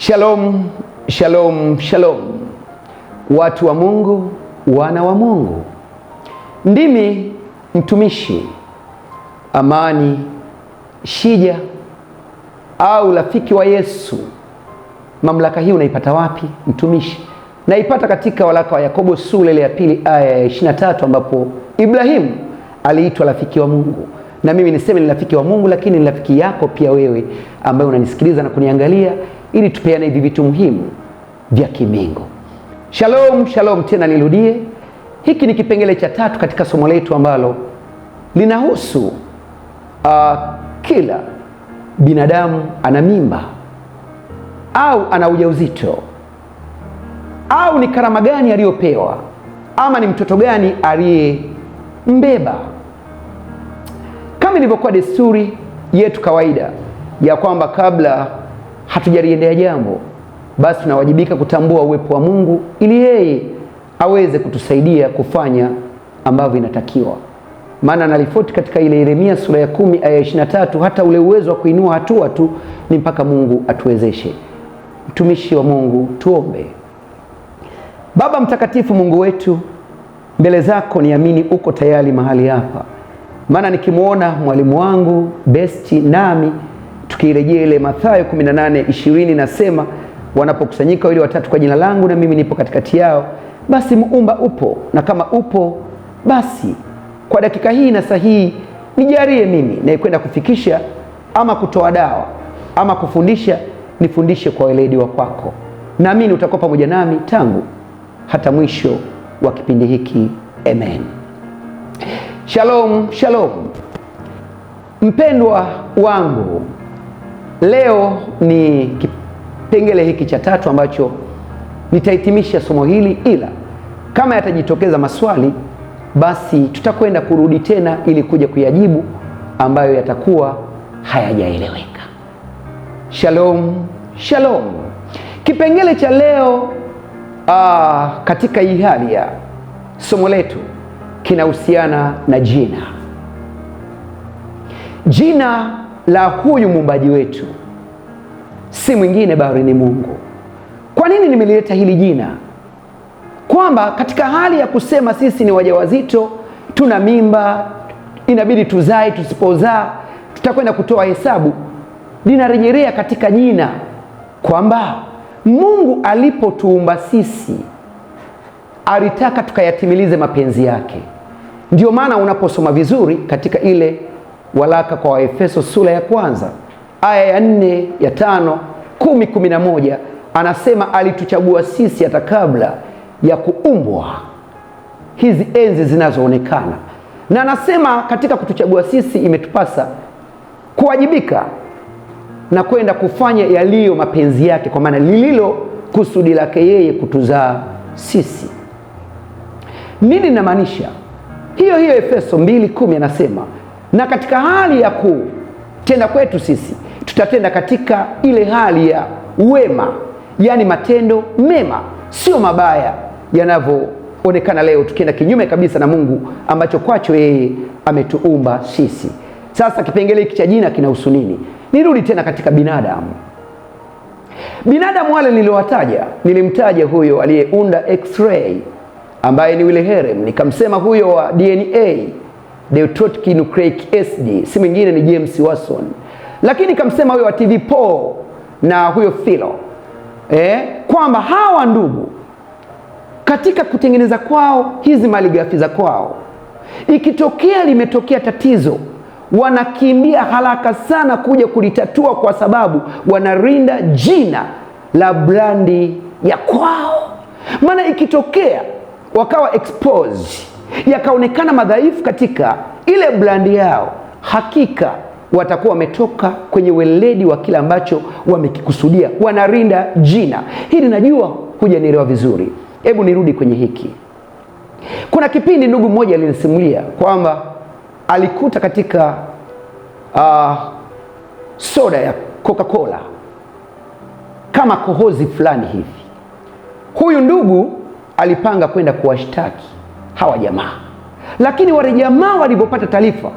Shalom, shalom, shalom, watu wa Mungu, wana wa Mungu. Ndimi mtumishi Amani Shija au rafiki wa Yesu. Mamlaka hii unaipata wapi mtumishi? Naipata katika waraka wa Yakobo sura ile ya pili aya ya 23, ambapo Ibrahimu aliitwa rafiki wa Mungu na mimi niseme ni rafiki wa Mungu, lakini ni rafiki yako pia wewe ambaye unanisikiliza na kuniangalia ili tupeane hivi vitu muhimu vya kimbingu. Shalom, shalom tena nirudie. Hiki ni kipengele cha tatu katika somo letu ambalo linahusu uh, kila binadamu ana mimba au ana ujauzito au ni karama gani aliyopewa ama ni mtoto gani aliyembeba. Kama ilivyokuwa desturi yetu kawaida ya kwamba kabla hatujaliendea jambo, basi tunawajibika kutambua uwepo wa Mungu ili yeye aweze kutusaidia kufanya ambavyo inatakiwa. Maana anaripoti katika ile Yeremia sura ya kumi aya tatu hata ule uwezo wa kuinua hatua tu ni mpaka Mungu atuwezeshe. Mtumishi wa Mungu, tuombe. Baba mtakatifu, Mungu wetu, mbele zako niamini uko tayari mahali hapa, maana nikimwona mwalimu wangu besti nami tukirejea ile Mathayo 18:20 nasema, wanapokusanyika wawili watatu kwa jina langu na mimi nipo katikati yao, basi muumba upo, na kama upo basi kwa dakika hii na sahihi nijarie mimi naikwenda kufikisha ama kutoa dawa ama kufundisha, nifundishe kwa weledi wa kwako. Naamini utakuwa pamoja nami tangu hata mwisho wa kipindi hiki. Amen. Shalom, shalom mpendwa wangu. Leo ni kipengele hiki cha tatu ambacho nitahitimisha somo hili, ila kama yatajitokeza maswali, basi tutakwenda kurudi tena ili kuja kuyajibu ambayo yatakuwa hayajaeleweka. Shalom, shalom. Kipengele cha leo aa, ah, katika hii hali ya somo letu kinahusiana na jina. Jina la huyu muumbaji wetu si mwingine bali ni Mungu. Kwa nini nimelileta hili jina? Kwamba katika hali ya kusema sisi ni wajawazito, tuna mimba, inabidi tuzae, tusipozaa tutakwenda kutoa hesabu, linarejelea katika jina kwamba Mungu alipotuumba sisi alitaka tukayatimilize mapenzi yake. Ndiyo maana unaposoma vizuri katika ile Walaka kwa Waefeso sura ya kwanza aya ya nne ya tano kumi kumi na moja anasema alituchagua sisi hata kabla ya kuumbwa hizi enzi zinazoonekana, na anasema katika kutuchagua sisi imetupasa kuwajibika na kwenda kufanya yaliyo mapenzi yake, kwa maana lililo kusudi lake yeye kutuzaa sisi. Nini namaanisha hiyo hiyo? Efeso 2:10 anasema na katika hali ya kutenda kwetu sisi tutatenda katika ile hali ya wema, yaani matendo mema, sio mabaya yanavyoonekana leo, tukienda kinyume kabisa na Mungu ambacho kwacho yeye ametuumba sisi. Sasa kipengele hiki cha jina kinahusu nini? Nirudi tena katika binadamu. Binadamu wale niliowataja, nilimtaja huyo aliyeunda x-ray ambaye ni Wilhelm, nikamsema huyo wa DNA Deoxyribonucleic acid, si mwingine ni James Watson, lakini kamsema huyo wa TV Paul na huyo Philo eh, kwamba hawa ndugu katika kutengeneza kwao hizi malighafi za kwao, ikitokea limetokea tatizo wanakimbia haraka sana kuja kulitatua, kwa sababu wanarinda jina la brandi ya kwao. Maana ikitokea wakawa expose yakaonekana madhaifu katika ile brandi yao, hakika watakuwa wametoka kwenye weledi wa kile ambacho wamekikusudia, wanarinda jina hili. Najua hujanielewa vizuri, hebu nirudi kwenye hiki. Kuna kipindi ndugu mmoja alinisimulia kwamba alikuta katika uh, soda ya Coca-Cola kama kohozi fulani hivi. Huyu ndugu alipanga kwenda kuwashtaki hawa jamaa. Lakini wale jamaa walipopata taarifa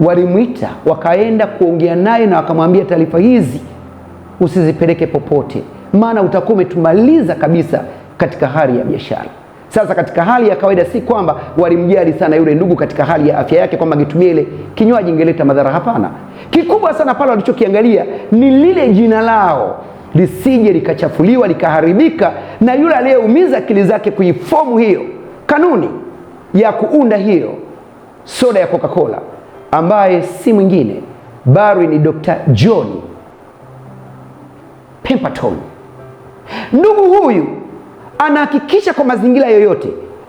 walimwita, wakaenda kuongea naye na wakamwambia, taarifa hizi usizipeleke popote, maana utakuwa umetumaliza kabisa katika hali ya biashara. Sasa katika hali ya kawaida, si kwamba walimjali sana yule ndugu katika hali ya afya yake, kwamba angetumia ile kinywaji ingeleta madhara. Hapana, kikubwa sana pale walichokiangalia ni lile jina lao lisije likachafuliwa likaharibika na yule aliyeumiza akili zake kuifomu hiyo kanuni ya kuunda hiyo soda ya Coca-Cola ambaye si mwingine bali ni Dr. John Pemberton. Ndugu huyu anahakikisha kwa mazingira yoyote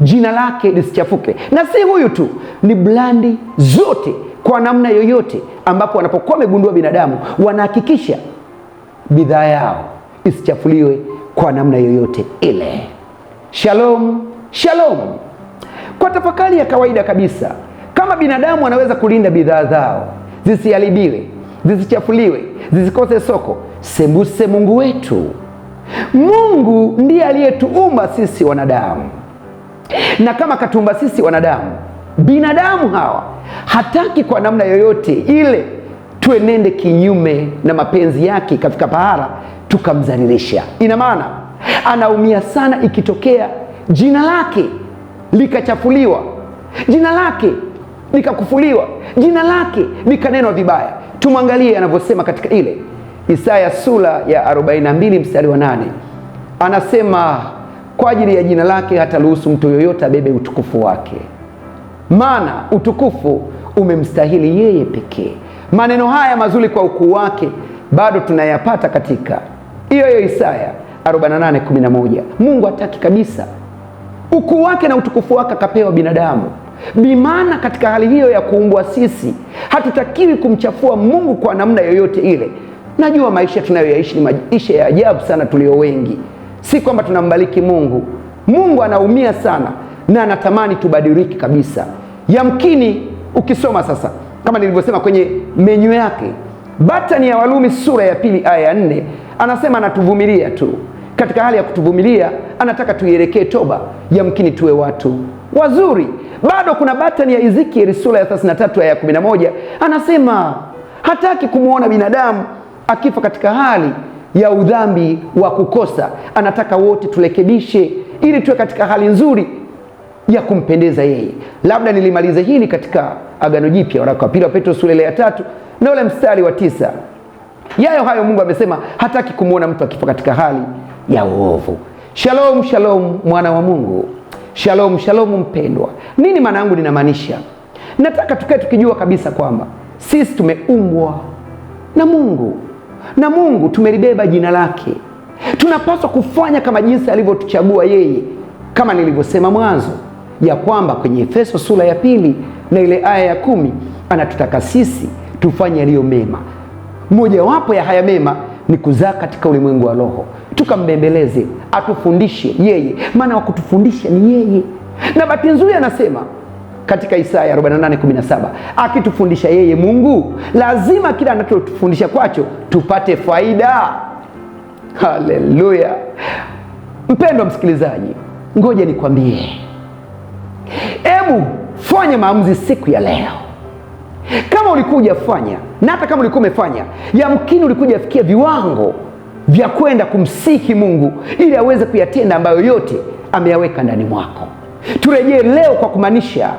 jina lake lisichafuke, na si huyu tu, ni blandi zote kwa namna yoyote, ambapo wanapokuwa wamegundua binadamu wanahakikisha bidhaa yao isichafuliwe kwa namna yoyote ile. Shalom. Shalom. Kwa tafakari ya kawaida kabisa, kama binadamu anaweza kulinda bidhaa zao zisiharibiwe, zisichafuliwe, zisikose soko, sembuse Mungu wetu. Mungu ndiye aliyetuumba sisi wanadamu, na kama katuumba sisi wanadamu, binadamu hawa hataki kwa namna yoyote ile tuenende kinyume na mapenzi yake, katika pahala tukamzalilisha. Ina maana anaumia sana ikitokea jina lake likachafuliwa, jina lake likakufuliwa, jina lake likanenwa vibaya. Tumwangalie anavyosema katika ile Isaya sura ya 42 mstari wa 8, anasema kwa ajili ya jina lake ruhusu mtu yoyote abebe utukufu wake, maana utukufu umemstahili yeye pekee. Maneno haya mazuri kwa ukuu wake bado tunayapata katika hiyo hiyo Isaya 48:11. Mungu hataki kabisa ukuu wake na utukufu wake akapewa binadamu. Bimaana katika hali hiyo ya kuumbwa sisi hatutakiwi kumchafua Mungu kwa namna yoyote ile. Najua maisha tunayoyaishi ni maisha ya ajabu sana tulio wengi, si kwamba tunambariki Mungu. Mungu anaumia sana na anatamani tubadiriki kabisa. Yamkini ukisoma sasa, kama nilivyosema kwenye menyu yake, batani ya Warumi sura ya pili aya ya nne, anasema anatuvumilia tu katika hali ya kutuvumilia, anataka tuielekee toba, yamkini tuwe watu wazuri. Bado kuna batani ya Ezekieli sura ya 33 aya ya 11, anasema hataki kumwona binadamu akifa katika hali ya udhambi wa kukosa. Anataka wote turekebishe ili tuwe katika hali nzuri ya kumpendeza yeye. Labda nilimalize hili katika Agano Jipya, waraka wa pili wa Petro sura ile ya tatu na ule mstari wa tisa. Yayo hayo Mungu amesema hataki kumwona mtu akifa katika hali ya uovu. Shalom, shalom mwana wa Mungu, shalom, shalom mpendwa. Nini maana yangu ninamaanisha? Nataka tukae tukijua kabisa kwamba sisi tumeumbwa na Mungu na Mungu tumelibeba jina lake, tunapaswa kufanya kama jinsi alivyotuchagua yeye, kama nilivyosema mwanzo ya kwamba kwenye Efeso sura ya pili na ile aya ya kumi anatutaka sisi tufanye yaliyo mema. Mojawapo ya haya mema ni kuzaa katika ulimwengu wa Roho tukambembeleze, atufundishe yeye, maana wa kutufundisha ni yeye. Na bahati nzuri anasema katika Isaya 48:17 akitufundisha yeye Mungu, lazima kila anachotufundisha kwacho tupate faida. Haleluya! Mpendwa msikilizaji, ngoja nikwambie, hebu fanya maamuzi siku ya leo. Kama ulikuwa hujafanya na hata kama ulikuwa umefanya, yamkini ulikuwa hujafikia viwango vya kwenda kumsihi Mungu ili aweze kuyatenda ambayo yote ameyaweka ndani mwako. Turejee leo kwa kumaanisha,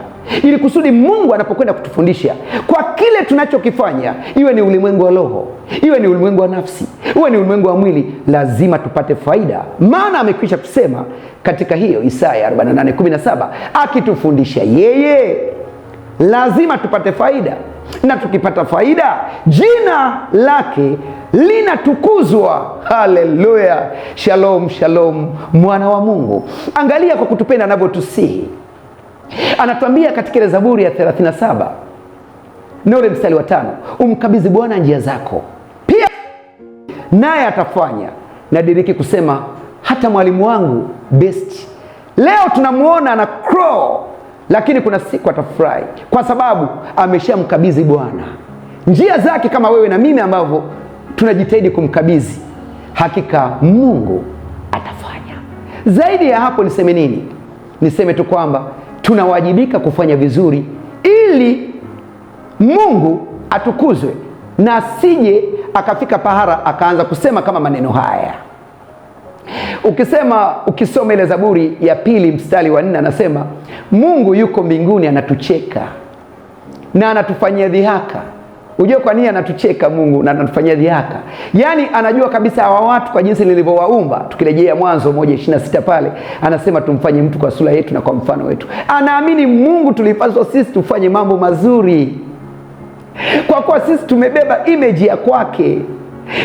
ili kusudi Mungu anapokwenda kutufundisha kwa kile tunachokifanya, iwe ni ulimwengu wa roho, iwe ni ulimwengu wa nafsi, iwe ni ulimwengu wa mwili, lazima tupate faida, maana amekwisha kusema katika hiyo Isaya 48:17 akitufundisha yeye, lazima tupate faida, na tukipata faida jina lake linatukuzwa. Haleluya, shalom shalom, mwana wa Mungu. Angalia kwa kutupenda anavyotusihi, anatuambia katika ile Zaburi ya 37 na ule mstari wa tano, umkabidhi Bwana njia zako, pia naye atafanya. Nadiriki kusema hata mwalimu wangu best leo tunamwona ana crow, lakini kuna siku atafurahi kwa sababu ameshamkabidhi Bwana njia zake, kama wewe na mimi ambavyo tunajitahidi kumkabidhi, hakika Mungu atafanya. Zaidi ya hapo niseme nini? Niseme tu kwamba tunawajibika kufanya vizuri ili Mungu atukuzwe na asije akafika pahara akaanza kusema kama maneno haya. Ukisema, ukisoma ile Zaburi ya pili mstari wa nne anasema Mungu yuko mbinguni anatucheka na anatufanyia dhihaka Ujue kwa nini anatucheka Mungu na anatufanyia dhihaka? Yaani anajua kabisa hawa watu kwa jinsi nilivyowaumba. Tukirejea Mwanzo moja ishirini sita pale anasema tumfanye mtu kwa sura yetu na kwa mfano wetu. Anaamini Mungu tulipaswa sisi tufanye mambo mazuri, kwa kuwa sisi tumebeba imeji ya kwake.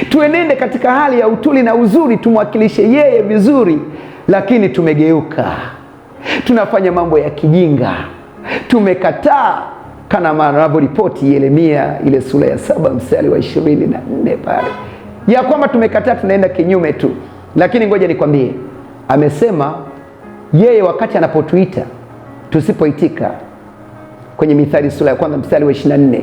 Tuenende katika hali ya utuli na uzuri, tumwakilishe yeye vizuri, lakini tumegeuka, tunafanya mambo ya kijinga, tumekataa kama anavyoripoti Yeremia ile sura ya saba mstari wa ishirini na nne pale ya kwamba tumekataa, tunaenda kinyume tu. Lakini ngoja nikwambie, amesema yeye wakati anapotuita tusipoitika, kwenye Mithali sura ya kwanza mstari wa 24,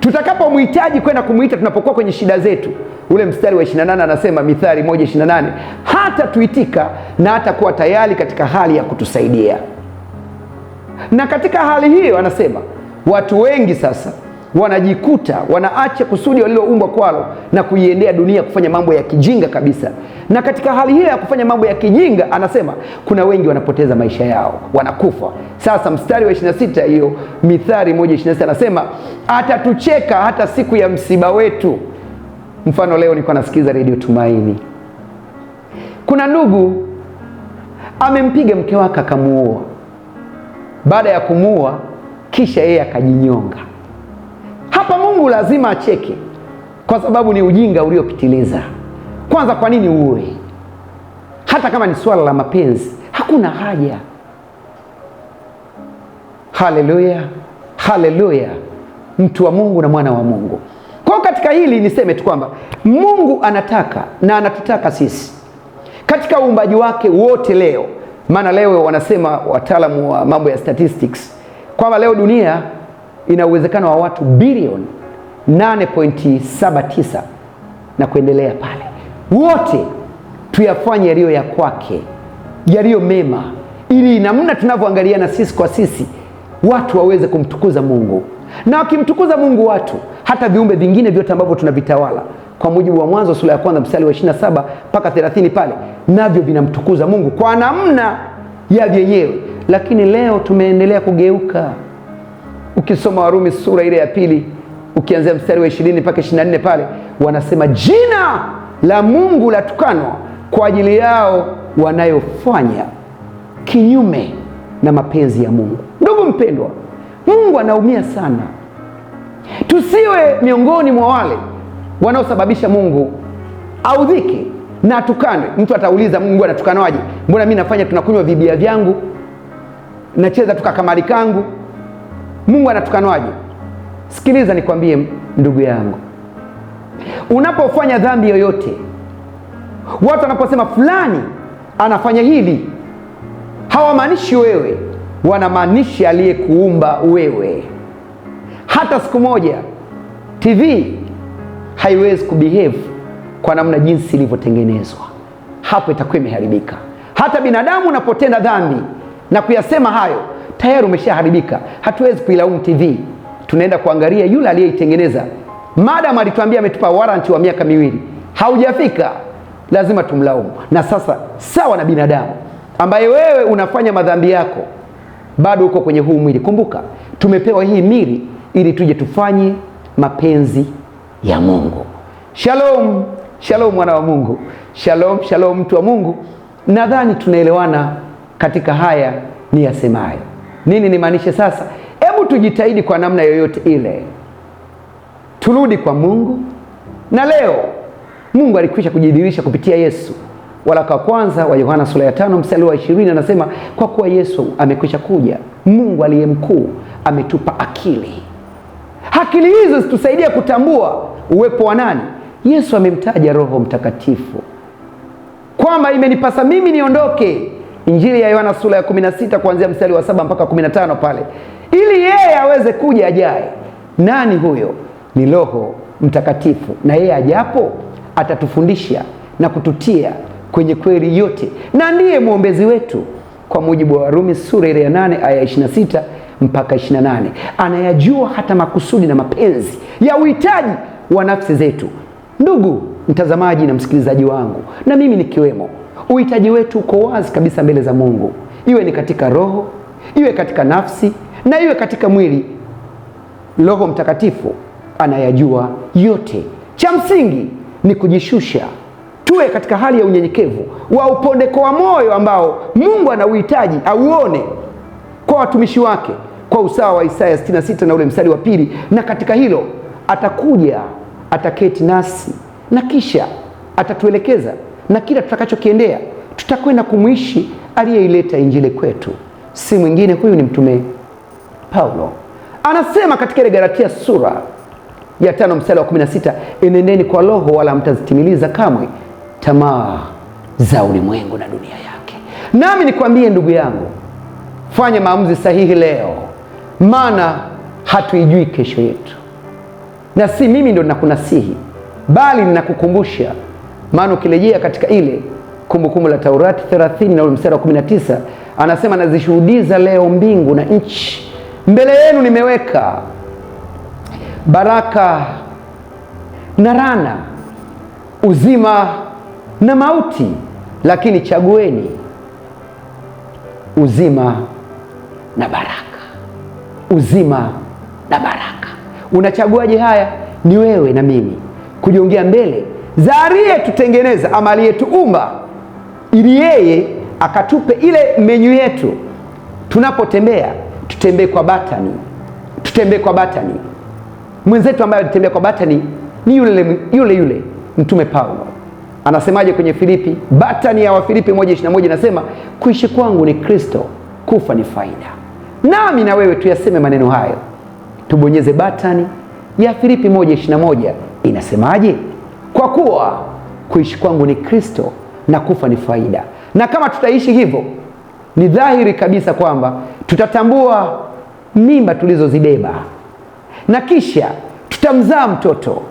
tutakapomhitaji kwenda kumwita, tunapokuwa kwenye shida zetu, ule mstari wa 28 anasema, Mithali 1:28, hata tuitika na hata kuwa tayari katika hali ya kutusaidia. Na katika hali hiyo anasema Watu wengi sasa wanajikuta wanaacha kusudi waliloumbwa kwalo na kuiendea dunia kufanya mambo ya kijinga kabisa. Na katika hali hiyo ya kufanya mambo ya kijinga, anasema kuna wengi wanapoteza maisha yao, wanakufa. Sasa mstari wa 26, hiyo Mithali 1:26 anasema atatucheka hata siku ya msiba wetu. Mfano, leo nilikuwa nasikiliza redio Tumaini, kuna ndugu amempiga mke wake akamuua. Baada ya kumuua kisha yeye akajinyonga. Hapa Mungu lazima acheke, kwa sababu ni ujinga uliopitiliza. Kwanza, kwa nini uwe? Hata kama ni swala la mapenzi, hakuna haja. Haleluya, haleluya, mtu wa Mungu na mwana wa Mungu. Kwa katika hili niseme tu kwamba Mungu anataka na anatutaka sisi katika uumbaji wake wote leo, maana leo wanasema wataalamu wa mambo ya statistics kwamba leo dunia ina uwezekano wa watu bilioni 8.79 na kuendelea pale, wote tuyafanye yaliyo ya kwake, yaliyo mema, ili namna tunavyoangaliana sisi kwa sisi watu waweze kumtukuza Mungu, na wakimtukuza Mungu watu hata viumbe vingine vyote ambavyo tunavitawala kwa mujibu wa Mwanzo sura ya kwanza mstari wa 27 mpaka 30 pale, navyo vinamtukuza Mungu kwa namna ya vyenyewe lakini leo tumeendelea kugeuka. Ukisoma Warumi sura ile ya pili ukianzia mstari wa 20 mpaka 24 pale wanasema jina la Mungu latukanwa kwa ajili yao wanayofanya kinyume na mapenzi ya Mungu. Ndugu mpendwa, Mungu anaumia sana. Tusiwe miongoni mwa wale wanaosababisha Mungu audhike na atukanwe. Mtu atauliza Mungu anatukanwaje Mbona mimi nafanya, tunakunywa vibia vyangu nacheza kamari kangu. Mungu anatukanwaje? Sikiliza nikwambie, ndugu yangu, unapofanya dhambi yoyote, watu wanaposema fulani anafanya hili, hawamaanishi wewe, wanamaanisha aliyekuumba wewe. Hata siku moja TV haiwezi kubehave kwa namna jinsi ilivyotengenezwa, hapo itakuwa imeharibika. Hata binadamu unapotenda dhambi na kuyasema hayo, tayari umeshaharibika. Hatuwezi kuilaumu TV, tunaenda kuangalia yule aliyeitengeneza. Madam alituambia ametupa waranti wa miaka miwili, haujafika, lazima tumlaumu. Na sasa sawa na binadamu ambaye wewe unafanya madhambi yako, bado uko kwenye huu mwili. Kumbuka tumepewa hii mili ili tuje tufanye mapenzi ya Mungu. Shalom, shalom mwana wa Mungu, shalom, shalom mtu wa Mungu. Nadhani tunaelewana katika haya ni yasemayo. Nini nimaanishe sasa? Hebu tujitahidi kwa namna yoyote ile turudi kwa Mungu, na leo Mungu alikwisha kujidhihirisha kupitia Yesu. Waraka wa kwanza wa Yohana sura ya tano mstari wa ishirini anasema kwa kuwa Yesu amekwisha kuja, Mungu aliye mkuu ametupa akili. Akili hizo zitusaidia kutambua uwepo wa nani? Yesu amemtaja Roho Mtakatifu kwamba imenipasa mimi niondoke Injili ya Yohana sura ya 16 kuanzia mstari wa saba mpaka 15 pale, ili yeye aweze kuja ajaye. Nani huyo? Ni Roho Mtakatifu, na yeye ajapo atatufundisha na kututia kwenye kweli yote, na ndiye mwombezi wetu kwa mujibu wa Warumi sura ile ya 8 aya 26 mpaka 28, anayajua hata makusudi na mapenzi ya uhitaji wa nafsi zetu. Ndugu mtazamaji na msikilizaji wangu, na mimi nikiwemo Uhitaji wetu uko wazi kabisa mbele za Mungu, iwe ni katika roho, iwe katika nafsi na iwe katika mwili. Roho Mtakatifu anayajua yote. Cha msingi ni kujishusha, tuwe katika hali ya unyenyekevu wa upondeko wa moyo ambao Mungu anauhitaji auone kwa watumishi wake, kwa usawa wa Isaya 66 na ule mstari wa pili. Na katika hilo atakuja, ataketi nasi na kisha atatuelekeza na kila tutakachokiendea tutakwenda kumwishi aliyeileta injili kwetu, si mwingine huyu ni mtume Paulo. Anasema katika ile Galatia sura ya tano mstari wa 16, enendeni kwa Roho wala mtazitimiliza kamwe tamaa za ulimwengu na dunia yake. Nami nikwambie ndugu yangu, fanya maamuzi sahihi leo, maana hatuijui kesho yetu, na si mimi ndo ninakunasihi, bali ninakukumbusha maana ukirejea katika ile Kumbukumbu la Taurati 30 na ule mstari wa 19 anasema, nazishuhudiza leo mbingu na nchi, mbele yenu nimeweka baraka na rana uzima na mauti, lakini chagueni uzima na baraka. Uzima na baraka, unachaguaje? Haya ni wewe na mimi kujiongea mbele za aliyetutengeneza ama aliyetuumba, ili yeye akatupe ile menyu yetu. Tunapotembea tutembee kwa batani, tutembee kwa batani. Mwenzetu ambaye alitembea kwa batani ni yule yule yule Mtume Paulo anasemaje kwenye Filipi, batani ya Wafilipi 1:21 inasema kuishi kwangu ni Kristo, kufa ni faida. Nami na wewe tuyaseme maneno hayo, tubonyeze batani ya Filipi 1:21 inasemaje? kwa kuwa kuishi kwangu ni Kristo na kufa ni faida. Na kama tutaishi hivyo, ni dhahiri kabisa kwamba tutatambua mimba tulizozibeba na kisha tutamzaa mtoto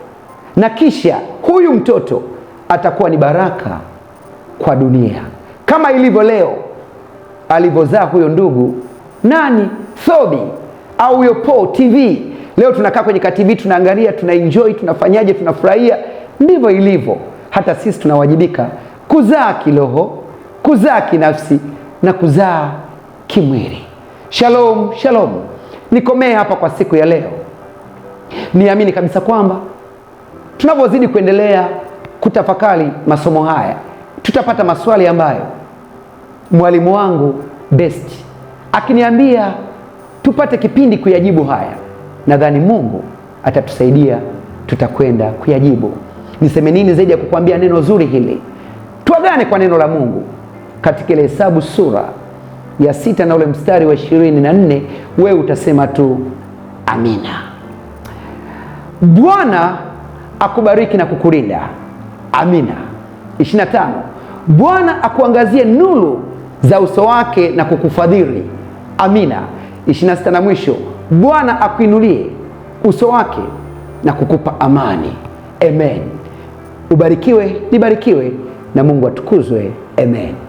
na kisha huyu mtoto atakuwa ni baraka kwa dunia, kama ilivyo leo alivyozaa huyo ndugu nani Thobi au yopo TV. Leo tunakaa kwenye katv tunaangalia, tunaenjoy, tunafanyaje, tunafurahia. Ndivyo ilivyo, hata sisi tunawajibika kuzaa kiroho, kuzaa kinafsi na kuzaa kimwili. Shalom, shalom. Nikomee hapa kwa siku ya leo. Niamini kabisa kwamba tunavyozidi kuendelea kutafakari masomo haya tutapata maswali ambayo mwalimu wangu best akiniambia tupate kipindi kuyajibu haya, nadhani Mungu atatusaidia, tutakwenda kuyajibu niseme nini zaidi ya kukwambia neno zuri hili? twagane kwa neno la Mungu katika ile Hesabu sura ya sita na ule mstari wa ishirini na nne wewe utasema tu amina. Bwana akubariki na kukulinda, amina. 25 Bwana akuangazie nuru za uso wake na kukufadhili, amina. 26 na mwisho, Bwana akuinulie uso wake na kukupa amani, amen. Ubarikiwe, nibarikiwe na Mungu atukuzwe. Amen.